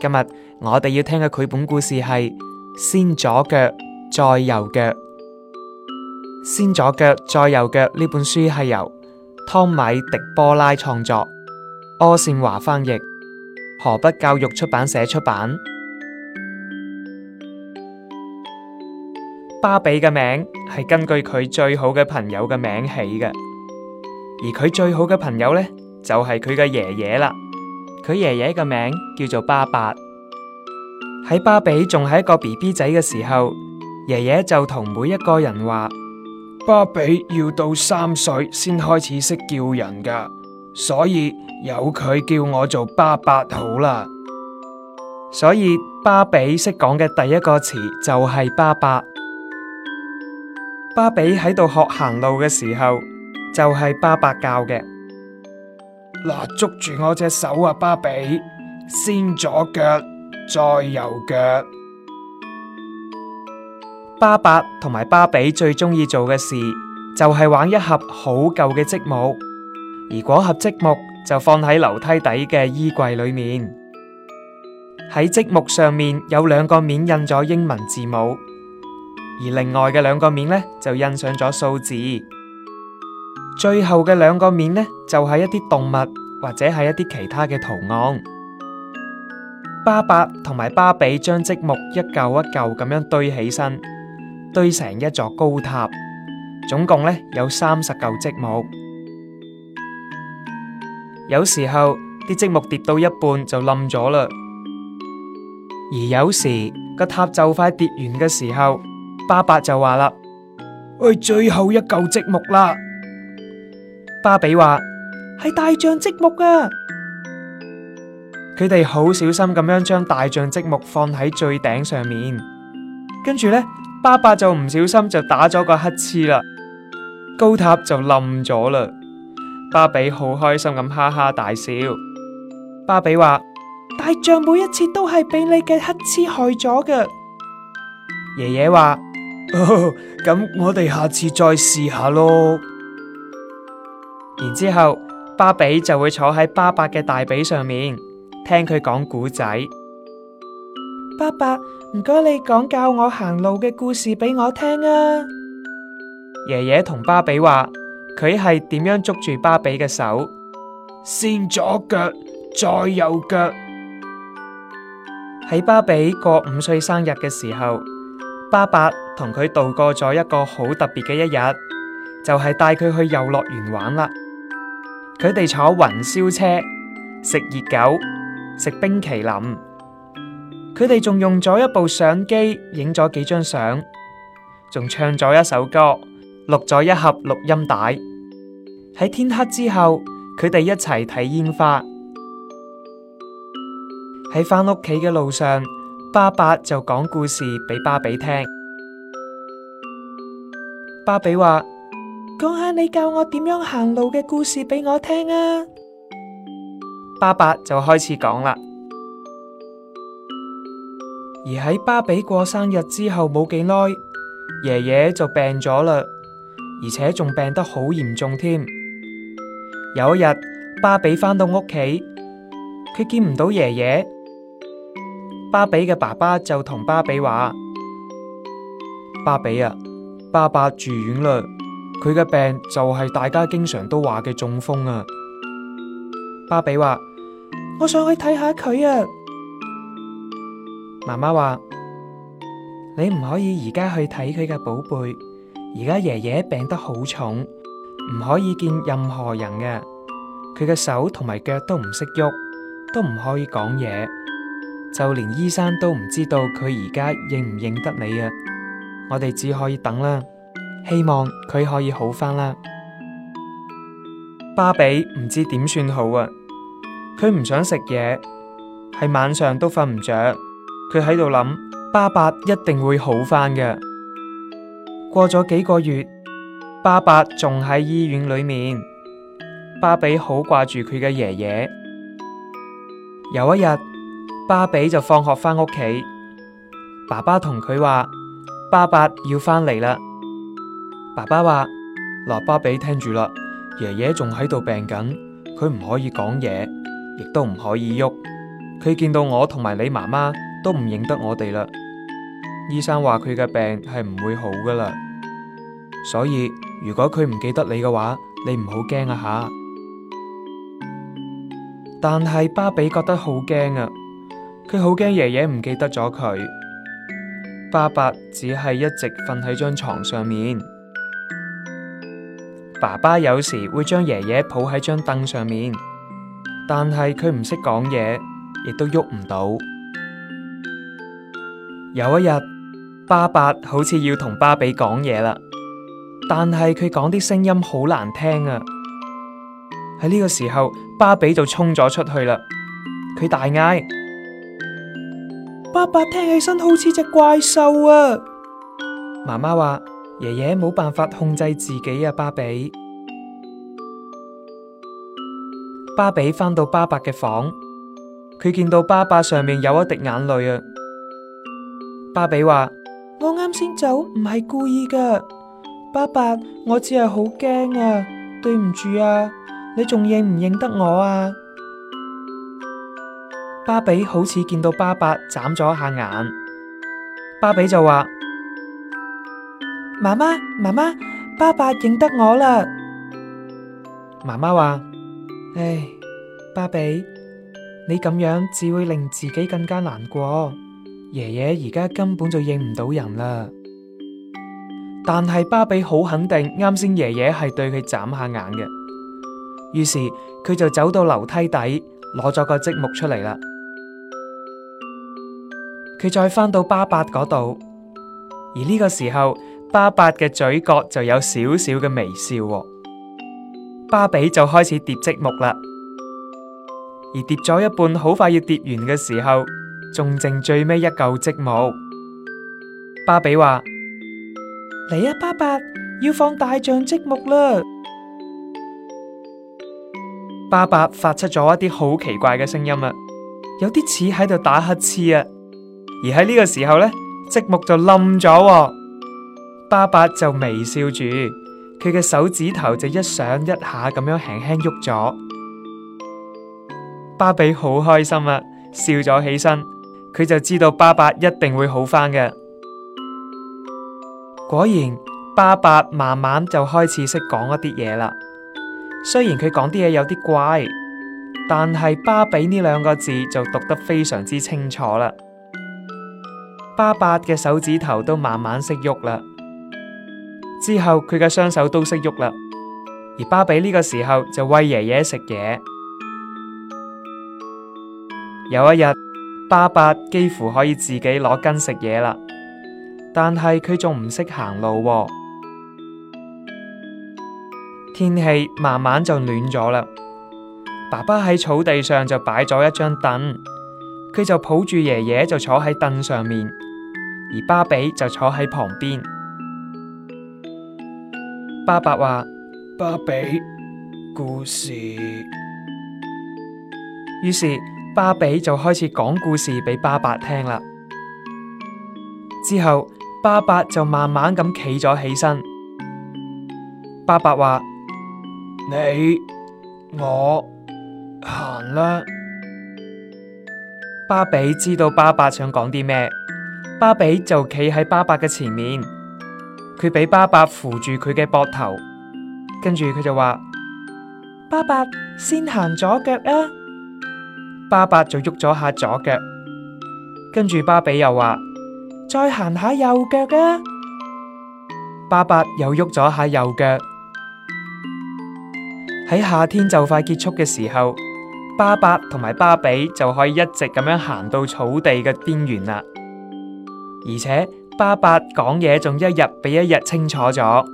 今日我哋要聽嘅繪本故事係先左腳再右腳，先左腳再右腳呢本書係由湯米迪波拉創作，柯善華翻譯，河北教育出版社出版。芭比嘅名係根據佢最好嘅朋友嘅名起嘅，而佢最好嘅朋友呢，就係佢嘅爺爺啦。佢爺爺嘅名叫做巴伯。喺巴比仲係一個 B B 仔嘅時候，爺爺就同每一個人話：巴比要到三歲先開始識叫人㗎，所以由佢叫我做巴伯好啦。所以巴比識講嘅第一個詞就係巴伯。巴比喺度學行路嘅時候，就係、是、巴伯教嘅。嗱，捉住我隻手啊，芭比，先左腳再右腳。芭爸同埋芭比最中意做嘅事就係玩一盒好舊嘅積木，而果盒積木就放喺樓梯底嘅衣櫃裏面。喺積木上面有兩個面印咗英文字母，而另外嘅兩個面呢，就印上咗數字。最後嘅兩個面呢，就係一啲動物或者係一啲其他嘅圖案。巴伯同埋巴比將積木一舊一舊咁樣堆起身，堆成一座高塔，總共呢，有三十舊積木。有時候啲積木跌到一半就冧咗啦，而有時個塔就快跌完嘅時候，巴伯就話啦，喂、哎，最後一舊積木啦！巴比話：係大象積木啊！佢哋好小心咁樣將大象積木放喺最頂上面，跟住呢，爸爸就唔小心就打咗個乞嗤啦，高塔就冧咗啦。巴比好開心咁哈哈大笑。巴比話：大象每一次都係俾你嘅乞嗤害咗嘅。爺爺話：咁、哦、我哋下次再試下咯。然之後，巴比就會坐喺巴伯嘅大髀上面，聽佢講故仔。巴伯，唔該你講教我行路嘅故事俾我聽啊！爺爺同巴比話，佢係點樣捉住巴比嘅手，先左腳再右腳。喺巴比過五歲生日嘅時候，巴伯同佢度過咗一個好特別嘅一日，就係帶佢去遊樂園玩啦。佢哋坐雲霄車，食熱狗，食冰淇淋。佢哋仲用咗一部相機，影咗幾張相，仲唱咗一首歌，錄咗一盒錄音帶。喺天黑之後，佢哋一齊睇煙花。喺返屋企嘅路上，爸爸就講故事俾巴比聽。巴比話。講下你教我點樣行路嘅故事俾我聽啊！爸爸就開始講啦。而喺巴比過生日之後冇幾耐，爺爺就病咗啦，而且仲病得好嚴重添。有一日，巴比返到屋企，佢見唔到爺爺。巴比嘅爸爸就同巴比話：巴比啊，爸爸住院啦。佢嘅病就係大家經常都話嘅中風啊。芭比話：我想去睇下佢啊。媽媽話：你唔可以而家去睇佢嘅寶貝，而家爺爺病得好重，唔可以見任何人嘅啊。佢嘅手同埋腳都唔識喐，都唔可以講嘢，就連醫生都唔知道佢而家認唔認得你啊。我哋只可以等啦。希望佢可以好返啦。巴比唔知點算好啊！佢唔想食嘢，係晚上都瞓唔着。佢喺度諗，巴伯一定會好返嘅。過咗幾個月，巴伯仲喺醫院裏面。巴比好掛住佢嘅爺爺。有一日，巴比就放學返屋企，爸爸同佢話：巴伯要返嚟啦。爸爸話：羅巴比聽住啦，爺爺仲喺度病緊，佢唔可以講嘢，亦都唔可以喐。佢見到我同埋你媽媽都唔認得我哋啦。醫生話佢嘅病係唔會好噶啦，所以如果佢唔記得你嘅話，你唔好驚啊吓。但係巴比覺得好驚啊，佢好驚爺爺唔記得咗佢。爸爸只係一直瞓喺張床上面。爸爸有時會將爺爺抱喺張凳上面，但係佢唔識講嘢，亦都喐唔到。有一日，爸爸好似要同巴比講嘢啦，但係佢講啲聲音好難聽啊！喺呢個時候，巴比就衝咗出去啦。佢大嗌：爸爸聽起身好似隻怪獸啊！媽媽話。爺爺冇辦法控制自己啊！芭比，芭比返到芭伯嘅房，佢見到芭伯上面有一滴眼淚啊！芭比話：我啱先走唔係故意噶，芭伯，我只係好驚啊，對唔住啊，你仲認唔認得我啊？芭比好似見到芭伯眨咗下眼，芭比就話。媽媽，媽媽，爸爸認得我啦。媽媽話：唉，巴比，你咁樣只會令自己更加難過。爺爺而家根本就認唔到人啦。但係巴比好肯定，啱先爺爺係對佢眨下眼嘅。於是佢就走到樓梯底，攞咗個積木出嚟啦。佢再返到巴伯嗰度，而呢個時候。巴伯嘅嘴角就有少少嘅微笑，哦，巴比就開始疊積木啦。而疊咗一半，好快要疊完嘅時候，仲剩最尾一嚿積木。巴比話：嚟啊，巴伯，要放大象積木啦！巴伯發出咗一啲好奇怪嘅聲音啊，有啲似喺度打乞嗤啊。而喺呢個時候呢，積木就冧咗，哦。巴伯就微笑住，佢嘅手指頭就一上一下咁樣輕輕喐咗。巴比好開心啦、啊，笑咗起身，佢就知道巴伯一定會好返嘅。果然，巴伯慢慢就開始識講一啲嘢啦。雖然佢講啲嘢有啲怪，但係巴比呢兩個字就讀得非常之清楚啦。巴伯嘅手指頭都慢慢識喐啦。之後佢嘅雙手都識喐啦，而巴比呢個時候就餵爺爺食嘢。有一日，爸爸幾乎可以自己攞根食嘢啦，但係佢仲唔識行路喎。天氣慢慢就暖咗啦，爸爸喺草地上就擺咗一張凳，佢就抱住爺爺就坐喺凳上面，而巴比就坐喺旁邊。巴伯話：爸爸巴比，故事。於是巴比就開始講故事俾巴伯聽啦。之後巴伯就慢慢咁企咗起身。巴伯話：你，我，行啦。巴比知道巴伯想講啲咩，巴比就企喺巴伯嘅前面。佢俾巴伯扶住佢嘅膊頭，跟住佢就話：巴伯先行左腳啊！巴伯就喐咗下左腳，跟住巴比又話：再行下右腳啊！巴伯又喐咗下右腳。喺夏天就快結束嘅時候，巴伯同埋巴比就可以一直咁樣行到草地嘅邊緣啦，而且。巴伯講嘢仲一日比一日清楚咗。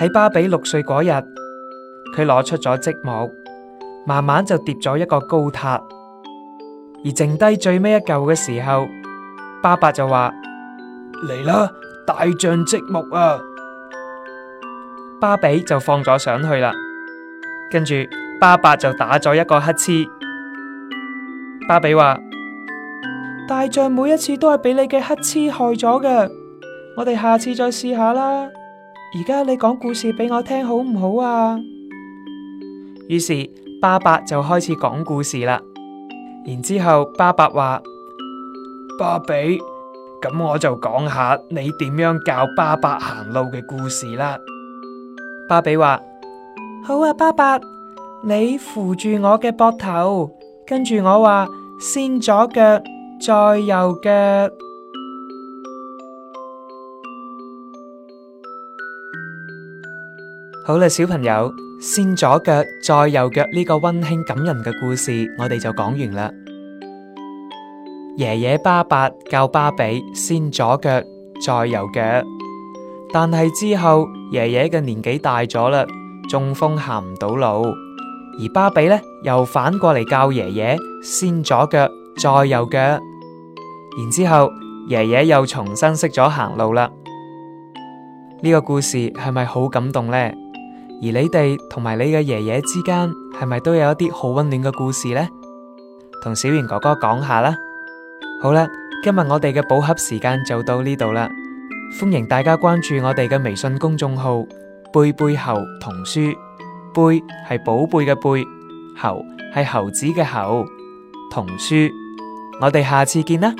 喺巴比六歲嗰日，佢攞出咗積木，慢慢就疊咗一個高塔。而剩低最尾一嚿嘅時候，巴伯就話：嚟啦，大象積木啊！巴比就放咗上去啦。跟住巴伯就打咗一個乞嗤。巴比話。大象每一次都係俾你嘅乞嗤害咗嘅。我哋下次再試下啦。而家你講故事俾我聽，好唔好啊？於是巴伯就開始講故事啦。然之後巴伯話：巴比，咁我就講下你點樣教巴伯行路嘅故事啦。巴比話：好啊，巴伯，你扶住我嘅膊頭，跟住我話先左腳。再右腳，好啦，小朋友，先左腳再右腳呢個温馨感人嘅故事，我哋就講完啦。爺爺巴伯教巴比先左腳再右腳，但係之後爺爺嘅年紀大咗啦，中風行唔到路，而巴比呢，又反過嚟教爺爺先左腳。再右腳，然之後爺爺又重新識咗行路啦。呢個故事係咪好感動呢？而你哋同埋你嘅爺爺之間係咪都有一啲好溫暖嘅故事呢？同小圓哥哥講下啦。好啦，今日我哋嘅寶盒時間就到呢度啦。歡迎大家關注我哋嘅微信公眾號“貝貝猴童書”，貝係寶貝嘅貝，猴係猴子嘅猴，童書。我哋下次見啦。